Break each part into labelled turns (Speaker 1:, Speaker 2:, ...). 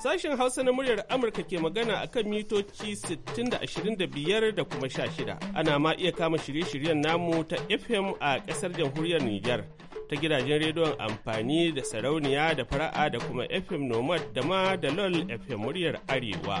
Speaker 1: Sashen Hausa na muryar Amurka ke magana a kan mitoci 60-25 da kuma sha shida Ana ma iya kama shirye-shiryen namu ta FM a ƙasar jamhuriyar Nijar ta gidajen rediyon amfani da sarauniya da fara'a da kuma FM Nomad da ma da LOL FM muryar Arewa.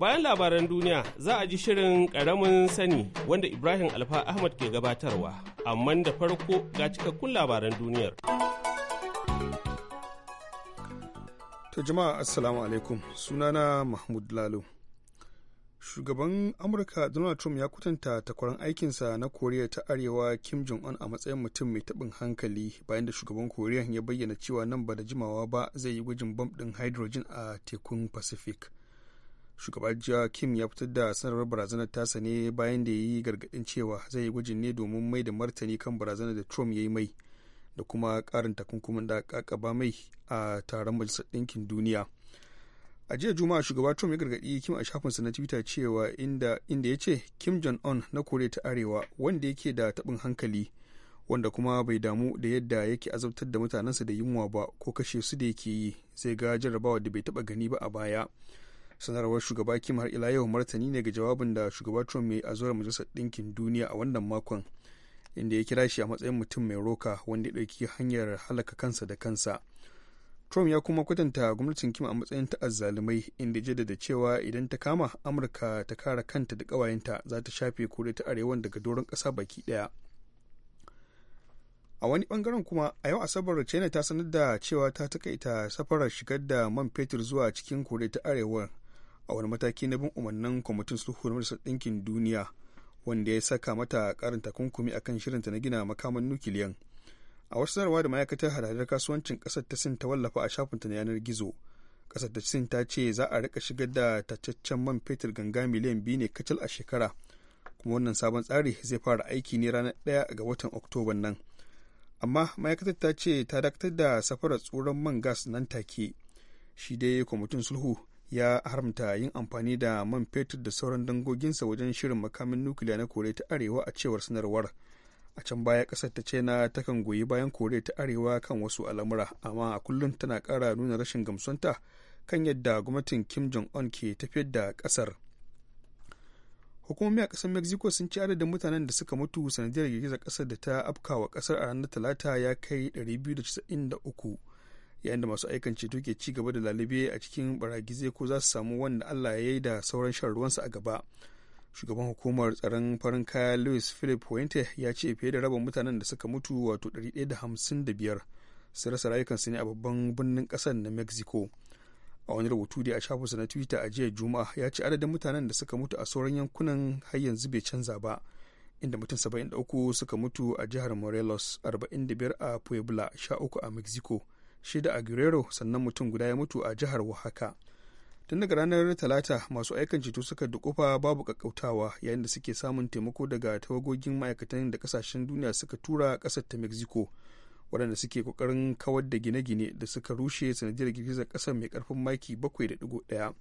Speaker 1: Bayan labaran duniya za a ji shirin ƙaramin sani wanda Ibrahim Alfa Ahmad ke gabatarwa, amma da farko ga cikakkun labaran duniyar. To jama'a
Speaker 2: Assalamu alaikum sunana Mahmud Lalo. Shugaban Amurka Donald Trump ya kwatanta takwaran aikinsa na Koriya ta Arewa Kim Jong-un a matsayin mutum mai taɓin hankali bayan da shugaban Koriya ya bayyana cewa nan ba da jimawa ba zai yi gwajin bam ɗin hydrogen a tekun Pacific. shugaban jiya kim ya fitar da sanarwar barazanar tasa ne bayan da ya yi gargadin cewa zai yi gwajin ne domin mai da martani kan barazanar da trump ya yi mai da kuma karin takunkumin da kakaba mai a taron majalisar ɗinkin duniya a jiya juma'a shugaba trump ya gargadi kim a shafinsa na twitter cewa inda inda ya ce kim jong un na koriya ta arewa wanda yake da tabin hankali wanda kuma bai damu da yadda yake azabtar da mutanensa da yunwa ba ko kashe su da yake yi zai ga jarrabawa da bai taɓa gani ba a baya sanarwar shugaba kim har ila yau martani ne ga jawabin da shugaba trump yi a zuwa majalisar ɗinkin duniya a wannan makon inda ya kira shi a matsayin mutum mai roka wanda ya ɗauki hanyar halaka kansa da kansa trump ya kuma kwatanta gwamnatin kim a matsayin ta azzalumai inda jaddada cewa idan ta kama amurka ta kara kanta da ƙawayenta za ta shafe kore ta arewan daga doron ƙasa baki ɗaya a wani bangaren kuma a yau asabar china ta sanar da cewa ta takaita safarar shigar da man fetur zuwa cikin kore ta arewa a wani mataki na bin umarnin kwamitin sulhu na majalisar ɗinkin duniya wanda ya saka mata karin takunkumi kan shirinta na gina makaman nukiliyan a wasu sanarwa da ma'aikatar hadadar kasuwancin ƙasar ta sin ta wallafa a shafinta na yanar gizo Ƙasar ta sin ta ce za a rika shigar da tacaccen man fetur ganga miliyan biyu ne kacal a shekara kuma wannan sabon tsari zai fara aiki ne ranar ɗaya ga watan oktoban nan amma ma'aikatar ta ce ta dakatar da safarar tsoron man gas nan take shi dai kwamitin sulhu ya haramta yin amfani da man fetur da sauran dangoginsa wajen shirin makamin nukiliya na koriya ta arewa a cewar sanarwar a can baya kasar ta china takan goyi bayan koriya ta arewa kan wasu al'amura amma a kullum tana kara nuna rashin gamsunta kan yadda gwamnatin kim jong un ke tafiyar da kasar hukumomi a kasar mexico sun ci adadin mutanen da suka mutu sanadiyar girgizar kasar da ta afkawa kasar a ranar talata ya kai 293 yayin da masu aikan ceto ke ci gaba da lalube a cikin baragize ko za su samu wanda allah ya yi da sauran shan ruwansa a gaba shugaban hukumar tsaron farin kaya louis philip puente ya ce fiye da rabin mutanen da suka mutu wato 155 su rasa rayukansu ne a babban birnin kasar na mexico a wani rubutu da a shafinsa na twitter a jiya juma'a ya ce adadin mutanen da suka mutu a sauran yankunan har yanzu bai canza ba inda mutum 73 suka mutu a jihar morelos 45 a puebla 13 a mexico shida a guerrero sannan mutum guda ya mutu a jihar oaxaca tun daga ranar talata masu aikan ceto suka dukufa babu kakkautawa yayin da suke samun taimako daga tawagogin ma'aikatan da kasashen duniya suka tura kasar ta mexico waɗanda suke kokarin kawar da gine-gine da suka rushe sanadiyar girgizar ƙasar mai karfin maki bakwai da 7.1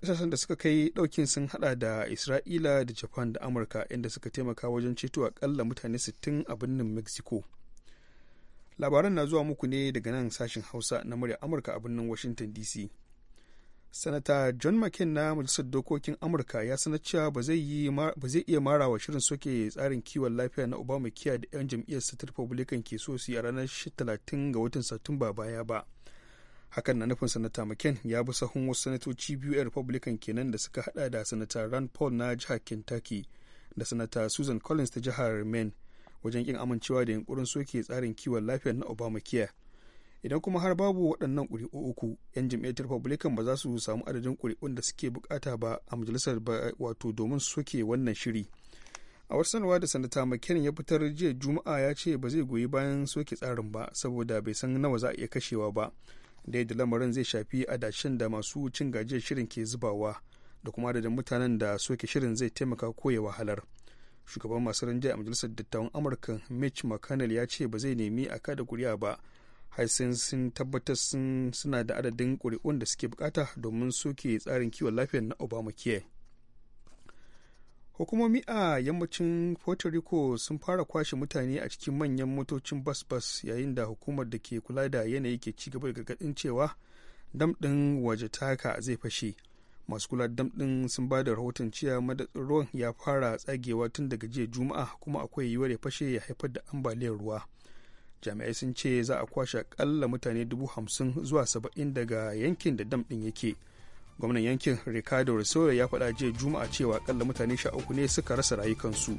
Speaker 2: kasashen da suka kai ɗaukin sun hada da isra'ila da japan da amurka inda suka taimaka wajen ceto akalla mutane 60 a birnin mexico labaran na zuwa muku ne daga nan sashen hausa na murya amurka a birnin washington dc sanata john mccain na majalisar dokokin amurka ya sanar cewa ba zai iya mara wa shirin soke tsarin kiwon lafiya na obama kiya da 'yan jam'iyyar state republican ke so su a ranar 30 ga watan satumba baya ba hakan na nufin sanata mccain ya bi sahun wasu sanatoci biyu 'yan republican kenan da suka hada da sanata rand paul na jihar kentucky da sanata susan collins ta jihar maine wajen kin amincewa da yunkurin soke tsarin kiwon lafiya na obamacare idan kuma har babu waɗannan ƙuri'u uku yan jam'iyyar republican ba za su samu adadin ƙuri'un da suke bukata ba a majalisar wato domin soke wannan shiri a wasu sanarwa da sanata McKinnon ya fitar jiya juma'a ya ce ba zai goyi bayan soke tsarin ba saboda bai san nawa za a iya kashewa ba da yadda lamarin zai shafi adashin da masu cin gajiyar shirin ke zubawa da kuma adadin mutanen da soke shirin zai taimaka koya wahalar shugaban masu rinjaye a majalisar dattawan amurka mitch mcconnell ya ce ba zai nemi a kada kuri'a ba har sai sun tabbatar suna da adadin kuri'un da suke bukata domin soke tsarin kiwon lafiya na obamacare hukumomi a yammacin puerto rico sun fara kwashe mutane a cikin manyan motocin bas-bas yayin da hukumar da ke kula da yanayi ke ci gaba da gargadin cewa dam ɗin waje taka zai fashe masu kula dam ɗin sun ba da rahoton cewa madatsin ruwan ya fara tsagewa tun daga jiya juma'a kuma akwai yiwuwar ya fashe ya haifar da ambaliyar ruwa jami'ai sun ce za a kwashe akalla mutane dubu hamsin zuwa saba'in daga yankin da dam ɗin yake gwamnan yankin ricardo risoya ya faɗa jiya juma'a cewa akalla mutane sha uku ne suka rasa rayukansu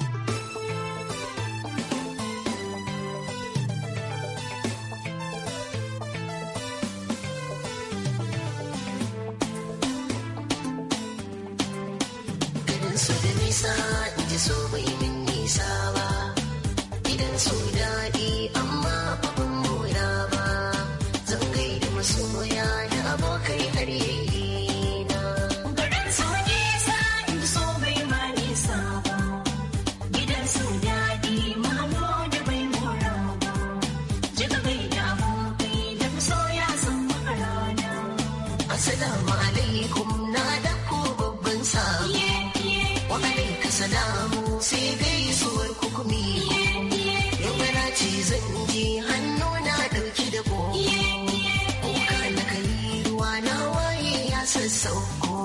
Speaker 1: sauko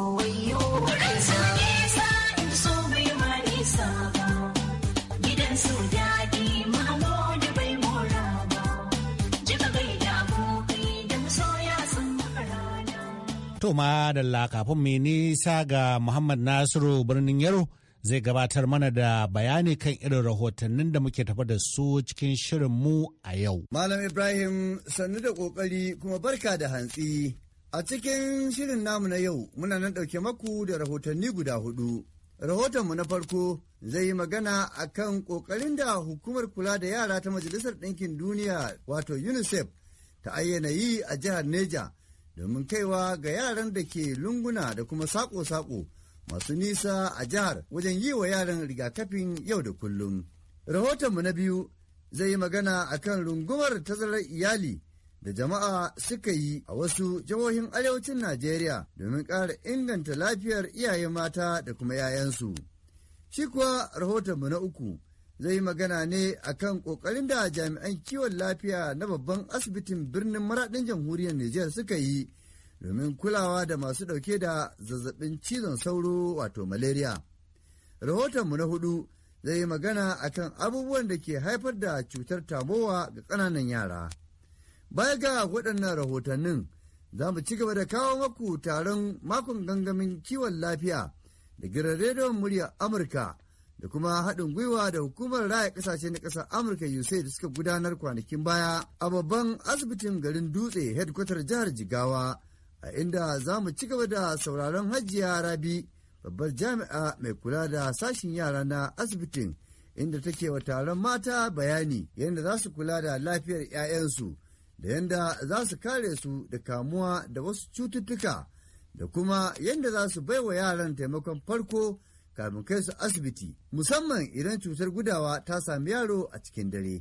Speaker 1: ma nisa da lakafin mai nisa ga Muhammad Nasiru birnin Yaro zai gabatar mana da bayani kan irin rahotannin da muke tafa da su cikin
Speaker 3: shirin mu a yau. Malam Ibrahim sannu da kokari kuma barka da hantsi. A cikin shirin namu na yau muna nan ɗauke maku da rahotanni guda hudu. Rahotonmu na farko zai yi magana a kan ƙoƙarin da hukumar kula da yara ta Majalisar Ɗinkin Duniya wato UNICEF ta ayyana yi a jihar Neja domin kaiwa ga yaran da ke lunguna da kuma saƙo-saƙo masu nisa a jihar wajen yi wa yaran rigakafin yau da kullum. Rahotonmu na biyu zai yi magana a kan rungumar tazarar iyali da jama'a suka yi a wasu jihohin arewacin Najeriya domin ƙara inganta lafiyar iyaye mata da kuma 'ya'yansu. Shi kuwa rahotonmu na uku zai yi magana ne akan ƙoƙarin da jami'an kiwon lafiya na babban asibitin birnin maraɗin jamhuriyar Nijar suka yi domin kulawa da masu ɗauke da zazzaɓin cizon sauro wato malaria. Rahotonmu na hudu zai yi magana a kan abubuwan da ke haifar da cutar tabowa ga ƙananan yara. Baya ga waɗannan rahotannin za mu ci gaba da kawo maku taron makon gangamin kiwon lafiya da girarredon rediyon muryar Amurka da kuma haɗin gwiwa da hukumar raya ƙasashe na ƙasar Amurka da suka gudanar kwanakin baya a babban asibitin garin Dutse hedkwatar jihar Jigawa a inda za mu ci gaba da sauraron Hajiya Rabi babbar jami'a mai kula da sashin yara na asibitin inda take wa taron mata bayani yadda za su kula da lafiyar 'ya'yansu. da yadda za su kare su da kamuwa da wasu cututtuka da kuma yadda za su baiwa yaran taimakon farko kamin kai su asibiti musamman idan cutar gudawa ta sami yaro a cikin dare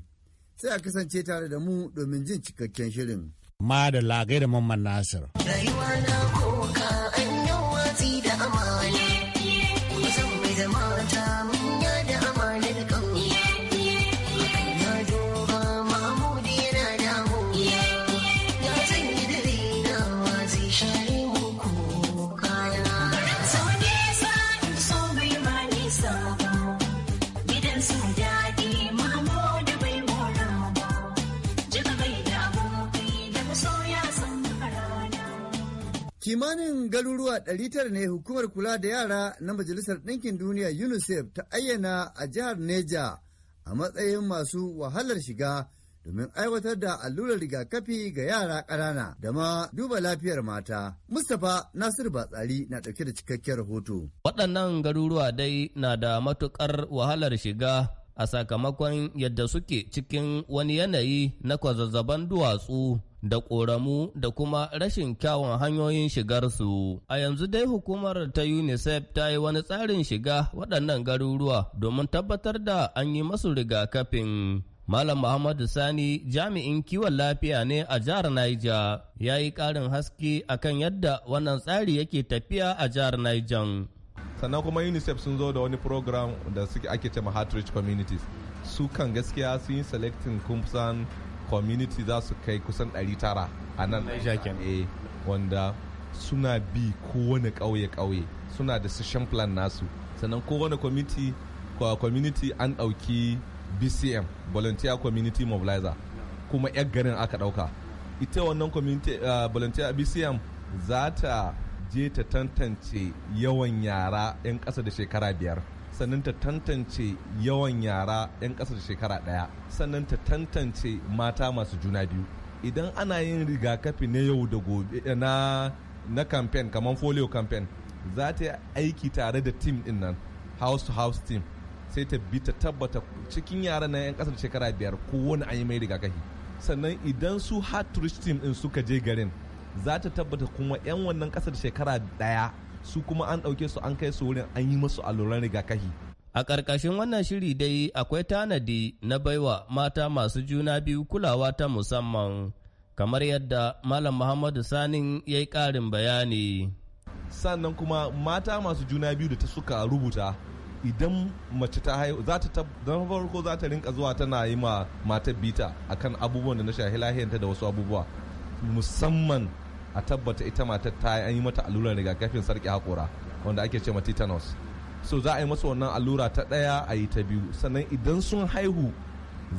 Speaker 3: sai a kasance tare da mu domin jin cikakken shirin. Ma da lagai da mamman Nasir. Kimanin garuruwa 900 ne hukumar kula da yara na Majalisar Ɗinkin Duniya UNICEF ta ayyana a jihar Neja a matsayin masu wahalar shiga domin aiwatar da allurar rigakafi ga yara ƙanana da ma duba lafiyar mata. Mustapha Nasiru Batsari na ɗauke da cikakkiyar rahoto.
Speaker 4: Waɗannan garuruwa dai na da matuƙar wahalar shiga a sakamakon yadda suke cikin wani yanayi na kwazazzaban duwatsu. da ƙoramu da kuma rashin kyawun hanyoyin shigarsu. A yanzu dai hukumar ta UNICEF ta yi wani tsarin shiga waɗannan garuruwa domin tabbatar da an yi masu rigakafin. Malam Muhammadu Sani jami'in kiwon lafiya ne a jihar Niger ya yi ƙarin haske
Speaker 5: akan yadda wannan tsari yake tafiya a jihar Niger. Sannan kuma UNICEF sun zo da wani program da suke ake cema Heart Rich Communities. Su kan gaskiya sun yi selecting kumsan community za su kai kusan 900 a nan eh, wanda suna bi kowane ƙauye-ƙauye suna da session plan nasu sannan kowane community community an ɗauki bcm volunteer community mobilizer kuma 'yan garin aka ɗauka ita wannan community eh, volunteer bcm za ta je ta tantance yawan yara 'yan ƙasa da shekara biyar sannan ta tantance yawan yara 'yan ƙasar shekara ɗaya sannan ta tantance mata masu juna biyu idan ana yin rigakafi na yau da gobe eh, na na kamar folio campaign za ta yi aiki tare da tim din nan house to house team sai ta bi ta tabbata cikin yara na 'yan kasar shekara biyar ko wani an yi mai rigakafi sannan idan su hard team din suka je garin za ta tabbata kuma 'yan wannan kasar shekara daya su kuma an ɗauke su an kai su wurin an yi musu alluran
Speaker 4: rigakafi a ƙarƙashin wannan shiri dai akwai tanadi na baiwa mata masu juna biyu kulawa ta musamman kamar yadda malam muhammadu sanin ya
Speaker 5: yi ƙarin bayani sannan kuma mata masu juna biyu da ta suka rubuta idan mace ta haihu za ta don farko za ta rinka zuwa tana yi ma matar bita akan abubuwan da na shahi lahiyanta da wasu abubuwa musamman a tabbata ita matar ta yi mata allurar rigakafin sarki hakora wanda ake ce tetanus so za a yi masa wannan allura ta ɗaya a yi ta biyu sannan idan sun haihu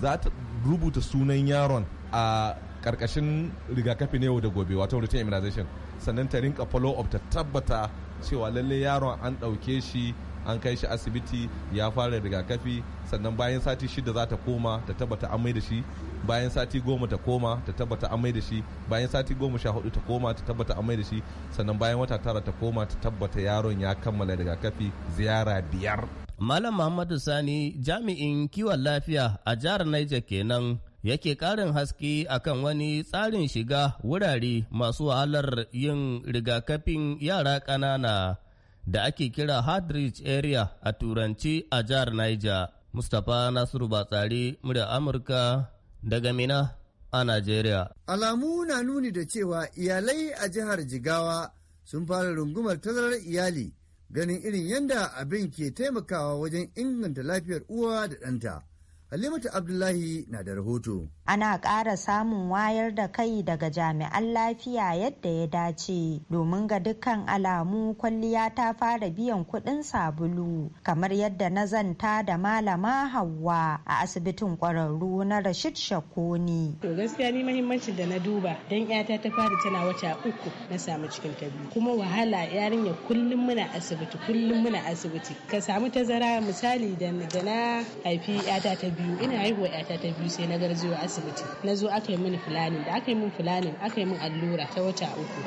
Speaker 5: za ta rubuta sunan yaron a karkashin rigakafi ne yau da gobe wato rutin immunization sannan ta rinka follow up ta tabbata cewa lalle yaron an ɗauke shi an kai shi asibiti ya fara rigakafi sannan bayan sati shida za ta koma ta tabbata an da shi bayan sati goma ta koma ta tabbata amai da shi bayan sati goma sha hudu ta koma ta tabbata amai da shi sannan bayan wata tara ta koma ta tabbata yaron ya kammala rigakafi ziyara
Speaker 4: biyar Malam Muhammadu Sani jami'in kiwon lafiya a jihar Niger kenan yake karin haske akan wani tsarin shiga wurare masu wahalar yin rigakafin yara ƙanana da ake kira Hardridge Area a Turanci a jihar Niger. Mustapha Nasiru Batsari, murya Amurka daga Mina a Najeriya.
Speaker 3: Alamu na nuni da cewa iyalai a jihar Jigawa sun fara rungumar tazarar iyali ganin irin yadda abin ke taimakawa wajen inganta lafiyar uwa da ɗanta. Halimatu Abdullahi na da rahoto.
Speaker 6: Ana ƙara samun wayar da kai daga jami'an lafiya yadda ya dace domin ga dukkan alamu kwalliya ta fara biyan kuɗin sabulu kamar yadda na zanta da malama Hauwa a asibitin ƙwararru na Rashid Shakoni. To gaskiya ni mahimmancin da na duba don yata ta fara tana wata uku na samu cikin ta biyu kuma wahala yarinya kullum muna asibiti kullum muna asibiti ka samu tazara misali da na haifi yata ta biyu ina haihuwa yata ta biyu sai na garzayo asibiti na zo aka yi mini fulani da aka yi min fulani aka yi min allura ta wata uku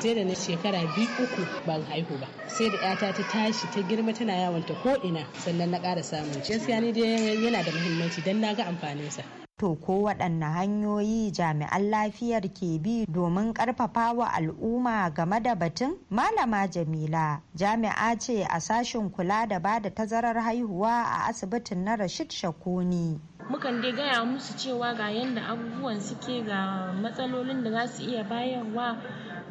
Speaker 6: sai da na shekara biyu uku ban haihu ba sai da yata ta tashi ta girma tana yawon ta ko ina sannan na ƙara samun gaskiya ni dai yana da muhimmanci dan na ga amfaninsa To ko waɗanne hanyoyi jami'an lafiyar ke bi domin ƙarfafa wa al'umma game da batun? Malama Jamila jami'a ce a sashen kula da ba da tazarar haihuwa a asibitin na Rashid shakuni.
Speaker 7: Mukan dai gaya musu cewa ga yadda abubuwan suke ga matsalolin da za su iya bayarwa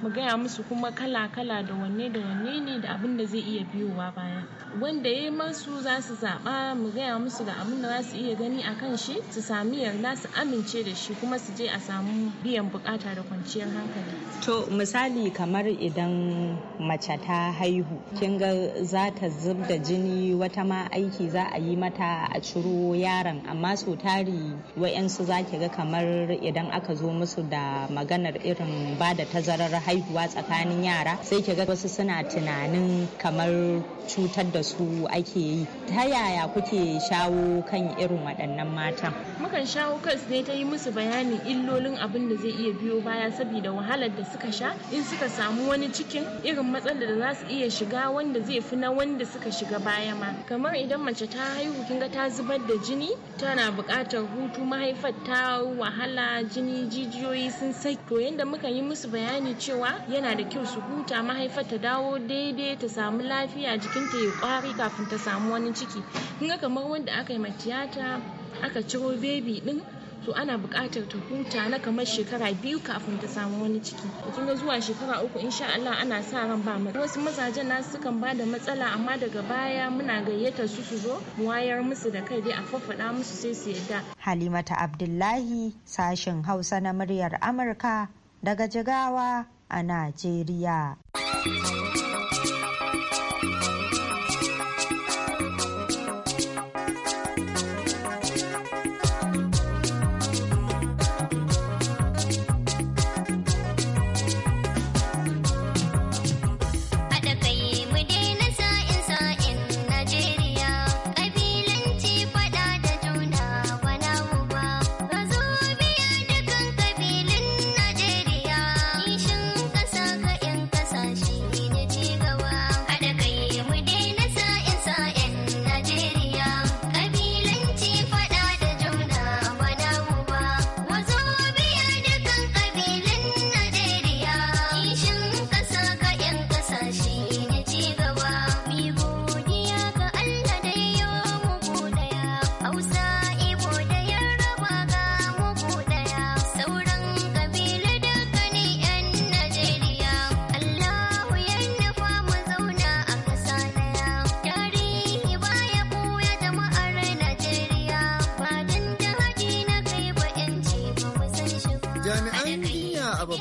Speaker 7: mu gaya musu kuma kala-kala da wanne da wanne ne da abin da zai iya biyowa baya wanda ya masu za su zaɓa mu gaya musu da abin da za su iya gani a kan shi su sami yarda su amince da shi kuma su je a samu biyan bukata da kwanciyar hankali
Speaker 6: to misali kamar idan mace ta haihu kin ga za ta zub da jini wata ma aiki za a yi mata a ciro yaron amma so tari wa'yansu za ki ga kamar idan aka zo musu da maganar irin ba da tazarar haihuwa tsakanin yara sai ki ga wasu suna tunanin kamar cutar da su ake yi ta yaya kuke shawo kan irin waɗannan matan
Speaker 7: mukan shawo su ne ta yi musu bayanin illolin abin da zai iya biyo baya saboda wahalar da suka sha in suka samu wani cikin irin matsalar da za su iya shiga wanda zai fi na wanda suka shiga baya ma kamar idan mace ta haihu kin ga ta zubar da jini tana buƙatar hutu mahaifar ta wahala jini jijiyoyi sun sai to yanda muka yi musu bayani cewa cewa yana da kyau su huta mahaifar ta dawo daidai ta samu lafiya jikinta ya kwari kafin ta samu wani ciki kin ga kamar wanda aka yi tiyata aka ciro bebi din to ana buƙatar ta huta na kamar shekara biyu kafin ta samu wani ciki kun ga zuwa shekara uku insha Allah ana sa ran ba mu wasu mazajen nasu sukan ba da matsala amma daga baya muna gayyatar su su zo mu wayar musu da kai dai a faffada musu sai su yadda
Speaker 6: Halimata Abdullahi sashin Hausa na muryar Amurka daga Jigawa a Najeriya.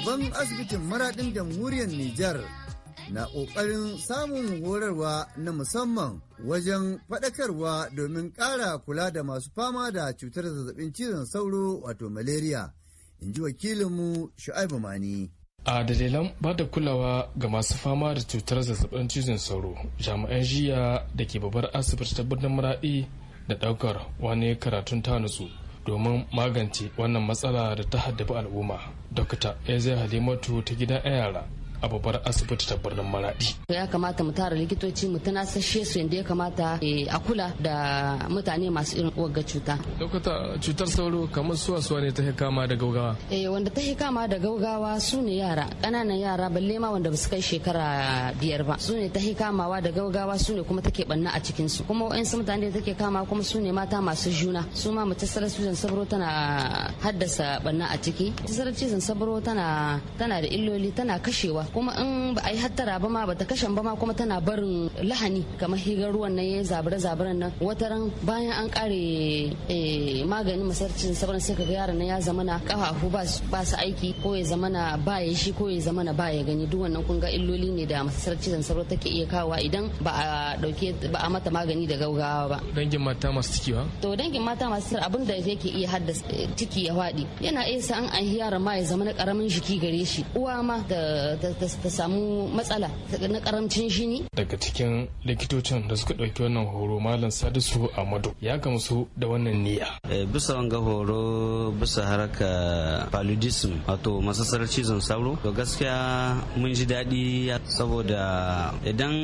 Speaker 3: babban asibitin maradin jamhuriyar Nijar na ƙoƙarin samun horarwa na musamman wajen faɗakarwa domin ƙara kula da masu fama da cutar zazzabin cizon sauro wato malaria, in ji wakilinmu Shu'aibu Mani. a dalilan ba da
Speaker 8: kulawa ga masu fama da cutar zazzabin cizon sauro jami'an jiya da ke babbar asibiti ta birnin maraɗi da ɗaukar wani karatun ta nutsu domin magance wannan matsala da ta haddabi al'umma. Dokta Eze Halimatu ta gidan yara a babbar asibiti ta birnin maradi
Speaker 9: ya kamata mu tara likitoci mu tunasashe su yadda ya kamata eh, a kula da mutane masu irin wagga cuta
Speaker 8: dokta cutar sauro kamar suwa suwa ne ta kama da gaugawa
Speaker 9: eh wanda ta kama da gaugawa su ne yara ƙananan yara balle ma wanda ba su kai shekara biyar ba su ne ta kamawa da gaugawa su ne kuma take banna a cikin su kuma su mutane da take kama kuma su ne mata masu juna su ma mace sarar cizon sabro tana haddasa banna a ciki sarar cizon sabro tana tana da illoli tana kashewa kuma in ba a yi hattara ba ma ba ta kashe ba ma kuma tana barin lahani kamar higar ruwan nan ya zabura zaburan nan wataran bayan an kare eh, maganin masarcin sabon sai ka ga yaron nan ya zamana kafafu ba su aiki ko ya zamana ba ya shi ko ya zamana ba ya gani duk wannan kun ga illoli ne da masarcin sabon take iya kawa idan ba a dauke ba a mata magani da gaugawa ba
Speaker 8: dangin mata masu ciki ba
Speaker 9: to dangin mata masu ciki abin da yake iya haddasa eh, ciki ya faɗi yana iya sa an an yaron ma ya zamana karamin jiki gare shi uwa ma da ta samu matsala na karamcin shini
Speaker 8: daga cikin likitocin da suka ɗauki wannan horo malam sadisu amadu ya gamsu da wannan niyya
Speaker 4: eh, bisa wanga horo bisa haraka paludism wato masasarar cizon sauro to gaskiya mun ji daɗi saboda idan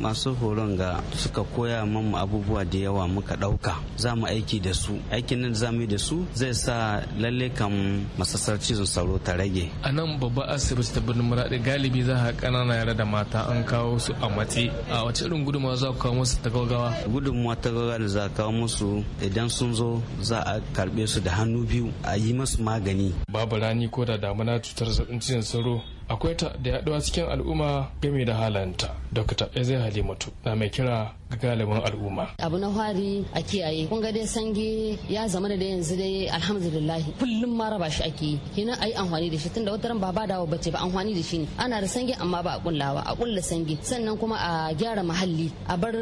Speaker 4: masu horon ga suka koya mamu abubuwa da yawa muka ɗauka za mu aiki da su aikin nan za mu yi da su zai sa lalle kam masassarar cizon sauro ta rage
Speaker 8: a nan babba asibiti ta birnin maraɗi galibi za a kanana yara da mata an kawo su a matse a wace irin gudunmawa za ku kawo musu ta gaggawa
Speaker 4: gudunmawa ta gaggawa da za a kawo musu idan sun zo za a karbe su da hannu biyu a
Speaker 8: yi masu magani babu rani ko da damuna cutar zazzabin cizon sauro akwai ta da yaduwa cikin al'umma game da halanta dr ezai halimatu na mai kira galibin al'umma.
Speaker 9: Abu na hari a kiyaye kun ga dai sange ya zama da yanzu dai alhamdulillah kullum ma raba shi ake yi kina ayi amfani da shi tunda wata ran ba ba dawo bace ba amfani da shi ne ana da sange amma ba a kullawa a kulla sange sannan kuma a gyara muhalli a bar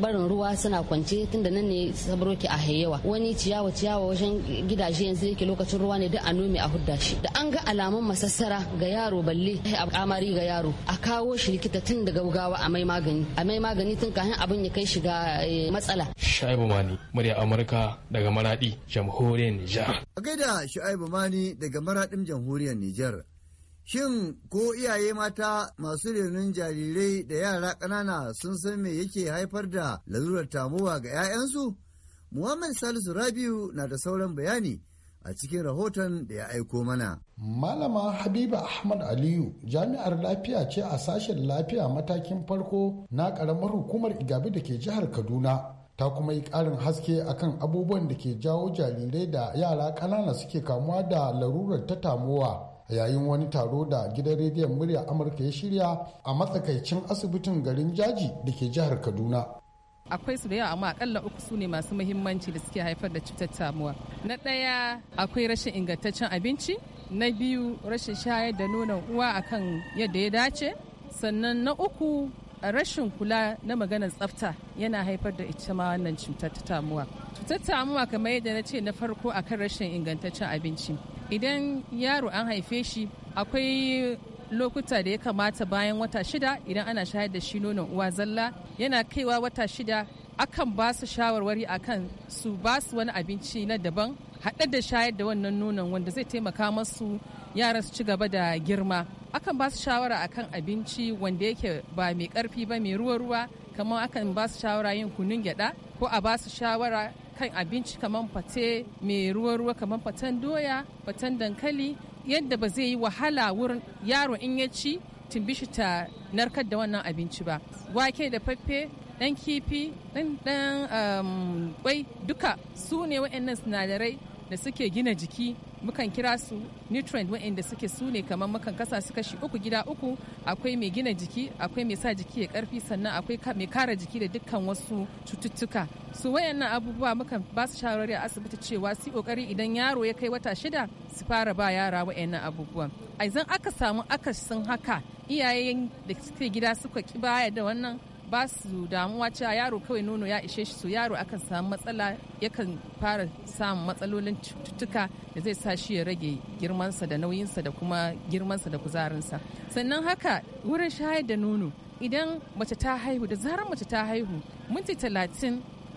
Speaker 9: barin ruwa suna kwance tunda nan ne ki a hayewa wani ciyawa ciyawa wajen gidaje yanzu yake lokacin ruwa ne duk a nome a hudda shi da an ga alamun masassara ga yaro balle a kamari ga yaro a kawo shi likita tun daga gawa a mai magani a mai magani tun kafin abin ya kai shiga eh,
Speaker 3: matsala.
Speaker 8: Shaibu Mani, murya Amurka daga Maradi, Jamhuriyar Nijar.
Speaker 3: A gaida Shaibu Mani daga Maradin Jamhuriyar Nijar. Shin ko iyaye mata masu renon jarirai da yara ƙanana sun san me yake haifar da lalurar tamuwa ga 'ya'yansu? Muhammad Salisu Rabiu na da sauran bayani. a cikin rahoton da ya aiko mana. Malama Habiba Ahmad Aliyu jami'ar lafiya ce a sashen lafiya matakin farko na ƙaramar hukumar Igabi da ke jihar Kaduna. Ta kuma yi ƙarin haske akan abubuwan da ke jawo jarirai da yara ƙanana suke kamuwa da larurar ta tamuwa. a yayin wani taro da gidan rediyon murya amurka ya shirya a matsakaicin asibitin garin jaji da ke jihar kaduna
Speaker 10: akwai su da yawa amma akalla uku su ne masu muhimmanci da suke haifar da cutar tamuwa na ɗaya akwai rashin ingantaccen abinci na biyu rashin shayar da nonon uwa akan yadda ya dace sannan na uku rashin kula na maganar tsafta yana haifar da ita ma wannan cutar ta tamuwa cutar tamuwa kamar yadda na ce na farko akan rashin ingantaccen abinci idan yaro an haife shi akwai lokuta da ya kamata bayan wata shida idan ana shayar da shi nonon uwa zalla yana kaiwa wata shida akan ba su shawarwari akan su ba su wani abinci na daban haɗe da shayar da wannan nonon wanda zai taimaka masu yara su ci gaba da girma akan ba su shawara akan abinci wanda yake ba mai karfi ba mai ruwa-ruwa kamar akan ba su shawara yin kunun gyaɗa ko a ba su shawara kan abinci kamar fate mai ruwa-ruwa kamar faten doya faten dankali yadda ba zai yi wahala wurin yaro in ya ci tumbishi ta narkar da wannan abinci ba wake da faffe dan kifi dan dan kwai um, duka su ne waɗannan sinadarai da suke gina jiki mukan kira su nutrient wa'anda suke su ne kamar mukan kasa su kashi uku gida uku akwai mai gina jiki akwai mai sa jiki ya karfi sannan akwai mai kare jiki da dukkan wasu cututtuka su wayannan abubuwa mukan ba su shawarar a asibiti cewa su kokari idan yaro ya kai wata shida su fara ba yara wayannan abubuwa a zan aka samu akasin haka iyayen da suke gida suka ki baya da wannan ba su damuwa cewa yaro kawai nono ya ishe shi su yaro akan samu matsala yakan fara samun matsalolin cututtuka da zai sa shi ya rage girmansa da nauyinsa da kuma girmansa da kuzarinsa sannan haka wurin shayar da nono idan mace ta haihu da zarar mace ta haihu minti talatin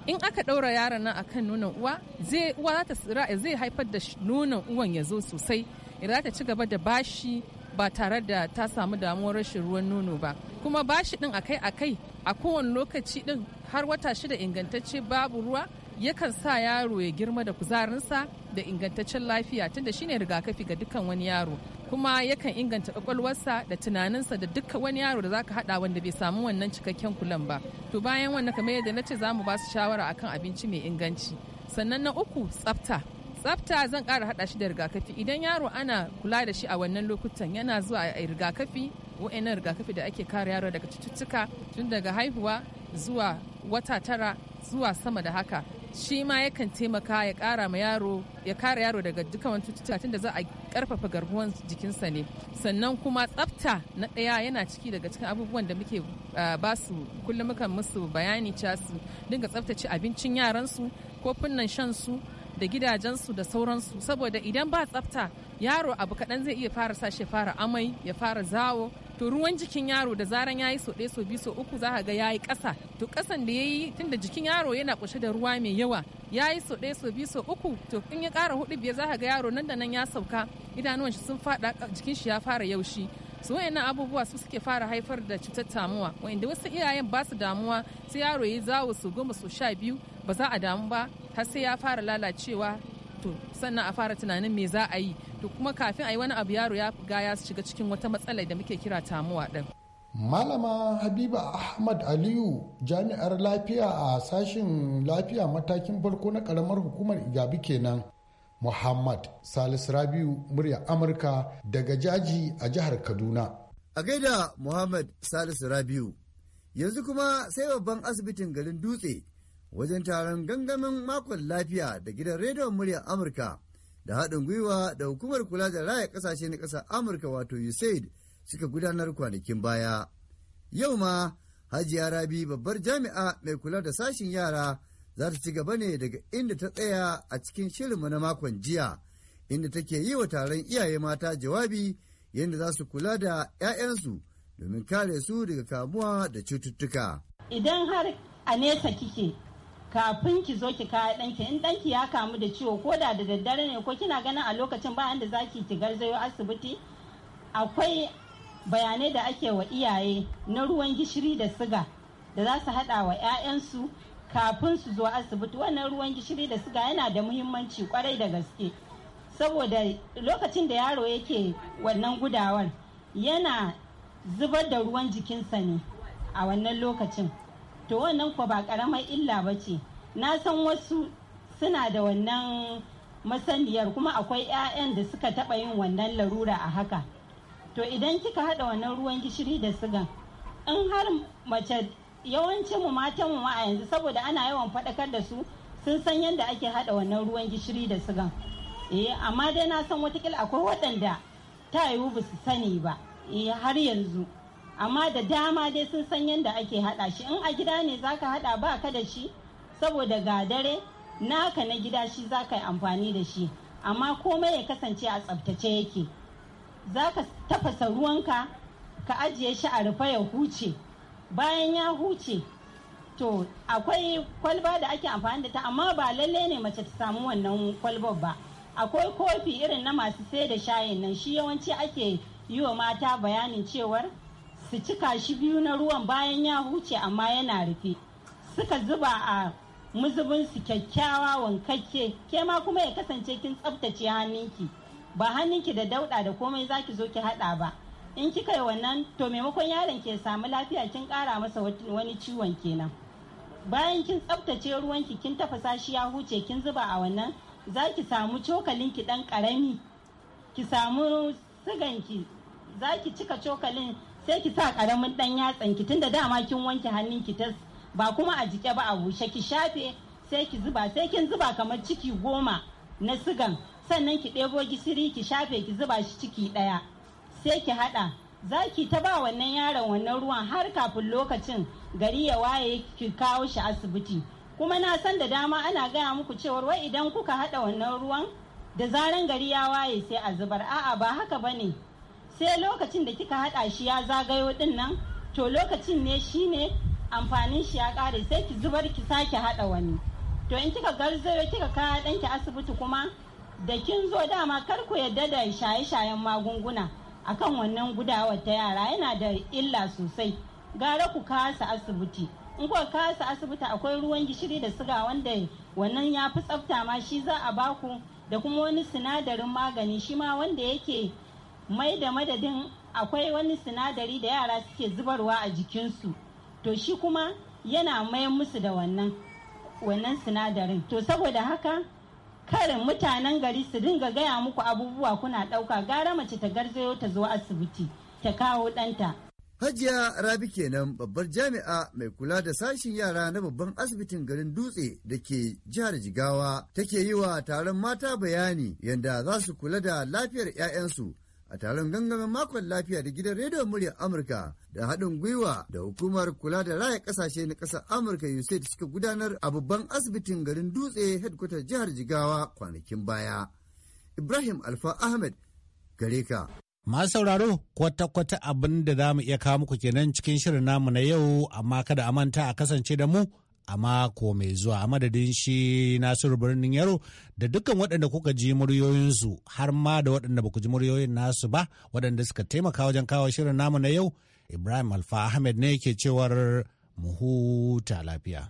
Speaker 10: in aka ɗaura yaron nan akan nonon uwa zai uwa zai haifar da nonon uwan ya zo sosai idan za ta ci gaba da bashi ba tare da ta samu damuwar rashin ruwan nono ba kuma bashi din akai akai a kowane lokaci din har wata shida ingantacce babu ruwa yakan sa yaro ya girma da kuzarinsa da ingantaccen lafiya tunda shine rigakafi ga dukkan wani yaro kuma yakan inganta kwakwalwarsa da tunaninsa da dukkan wani yaro da zaka hada wanda bai samu wannan cikakken kulan ba to bayan wannan kamar yadda na ce za mu ba su shawara akan abinci mai inganci sannan na uku tsafta tsafta zan kara haɗa shi da rigakafi idan yaro ana kula da shi a wannan lokutan yana zuwa a rigakafi wa'annan rigakafi da ake kare yaro daga cututtuka tun daga haihuwa zuwa wata tara zuwa sama da haka shi ma yakan taimaka ya kara ma yaro ya kare yaro daga dukkan wani cututtuka da za a karfafa garkuwan jikinsa ne sannan kuma tsafta na ɗaya yana ciki daga cikin abubuwan da muke ba su kullum mukan musu bayani cewa su dinga tsaftace abincin yaransu kofunan shan su da gidajensu da sauransu saboda idan ba tsafta yaro abu kaɗan zai iya fara sashe fara amai ya fara zawo to ruwan jikin yaro da zaran yayi so ɗaya so biyu so uku za ka ga yayi ƙasa to ƙasan da yayi tunda jikin yaro yana ƙunshe da ruwa mai yawa yayi so ɗaya so biyu so uku to in ya ƙara hudu biyar za ka ga yaro nan da nan ya sauka idanuwan shi sun faɗa jikin shi ya fara yaushi su wayannan abubuwa su suke fara haifar da cutar tamuwa wayanda wasu iyayen ba su damuwa sai yaro ya zawo su goma su sha biyu ba za a damu ba har sai ya fara lalacewa to sannan a fara tunanin me za a yi to kuma kafin a yi wani abu yaro ya ga ya shiga cikin wata matsala da muke kira tamuwa din
Speaker 3: malama habiba ahmad aliyu jami'ar lafiya a sashen lafiya matakin farko na karamar hukumar igabi kenan muhammad salis rabiu murya amurka daga jaji a jihar kaduna a gaida muhammad salis rabiu yanzu kuma sai babban asibitin garin dutse wajen taron gangamin makon lafiya da gidan rediyon muryar Amurka da haɗin gwiwa da hukumar kula da raya ƙasashe na ƙasar Amurka wato USAID suka gudanar kwanakin baya. Yau ma Hajiya Rabi babbar jami'a mai kula da sashin yara za ta ci gaba ne daga inda ta tsaya a cikin shirinmu na makon jiya inda take yi wa taron iyaye mata jawabi yadda za su kula da 'ya'yansu domin kare su daga kamuwa da cututtuka.
Speaker 6: Idan har a nesa kike kafin ki zo ki kaya ɗanki in ɗanki ya kamu da ciwo ko da da daddare ne ko kina ganin a lokacin bayan da zaki ki garzayo asibiti akwai bayanai da ake wa iyaye na ruwan gishiri da siga da za su haɗa wa 'ya'yansu kafin su zo asibiti wannan ruwan gishiri da siga yana da muhimmanci kwarai da gaske saboda lokacin da yaro yake wannan gudawar yana zubar da ruwan jikinsa ne a wannan lokacin to wannan kuwa ba karamar illa ba ce na san wasu suna da wannan masaniyar kuma akwai 'ya'yan da suka taba yin wannan larura a haka to idan kika haɗa wannan ruwan gishiri da sigan in har mace yawancin mu matan mu a yanzu saboda ana yawan faɗakar da su sun san yadda ake haɗa wannan ruwan gishiri da sigan eh amma dai na san watakila akwai waɗanda ta yiwu ba su sani ba eh, har yanzu amma da dama dai sun san yadda ake haɗa shi in a gida ne zaka haɗa ba ka da shi saboda ga dare naka na gida shi zaka yi amfani da shi amma komai ya kasance a tsabtace yake zaka tafasa ruwanka ka ajiye shi a rufe ya huce bayan ya huce to akwai kwalba da ake amfani da ta amma ba lalle ne mace ta samu wannan kwalbar ba akwai kofi irin na masu sai da shayin nan shi yawanci ake yi wa mata bayanin cewar su cika shi biyu na ruwan bayan ya huce amma yana rufe suka zuba a muzubin su kyakkyawa wankakke ke ma kuma ya kasance kin tsaftace hannunki ba hannunki da dauda da komai zaki zo ki hada ba in kika yi wannan to maimakon yaron ke samu lafiya kin kara masa wani ciwon kenan bayan kin tsaftace ruwanki kin tafasa shi ya huce kin zuba a wannan za ki samu cokalinki dan karami ki samu siganki zaki cika cokalin sai ki sa karamin dan yatsan ki tunda dama kin wanke hannun ki tas ba kuma a jike ba a bushe ki shafe sai ki zuba sai kin zuba kamar ciki goma na sigan sannan ki ɗebo gishiri ki shafe ki zuba shi ciki ɗaya sai ki haɗa za ki ta ba wannan yaron wannan ruwan har kafin lokacin gari ya waye ki kawo shi asibiti kuma na san da dama ana gaya muku cewar wai idan kuka haɗa wannan ruwan da zaran gari ya waye sai a zubar a'a ba haka bane sai lokacin da kika haɗa shi ya zagayo ɗin nan to lokacin ne shi ne amfanin shi ya kare sai ki zubar ki sake haɗa wani to in kika garzayo kika kaya ɗanki asibiti kuma da kin zo dama kar ku yadda da shaye-shayen magunguna akan wannan gudawar ta yara yana da illa sosai gara ku kasa asibiti in kuka kasa asibiti akwai ruwan gishiri da siga wanda wannan ya fi tsafta ma shi za a baku da kuma wani sinadarin magani shi ma wanda yake mai da madadin akwai wani sinadari da yara suke zubarwa a jikinsu to shi kuma yana mayan musu da wannan wannan sinadarin to saboda haka karin mutanen gari su dinga gaya muku abubuwa kuna ɗauka gara mace ta garzayo ta zo asibiti ta kawo ɗanta.
Speaker 3: Hajiya Rabi kenan babbar jami'a mai kula da sashin yara na babban asibitin garin Dutse da ke jihar Jigawa take yi wa taron mata bayani yadda za su kula da lafiyar 'ya'yansu a taron gangamin makon lafiya da gidan rediyon muryar Amurka da haɗin gwiwa da hukumar kula da raya ƙasashe na ƙasar Amurka USAID suka gudanar a babban asibitin garin Dutse Headquarter jihar Jigawa kwanakin baya. Ibrahim Alfa Ahmed gare ka. Masu sauraro kwata-kwata abin da za mu iya kawo
Speaker 1: muku kenan cikin shirin namu na yau amma kada a manta a kasance da mu a mako mai zuwa a madadin shi nasiru birnin yaro da dukkan waɗanda kuka ji muryoyinsu har ma da waɗanda baku ji muryoyin nasu ba waɗanda suka taimaka wajen kawo shirin namu na yau ibrahim alfa ahmed ne ke cewar mu huta lafiya.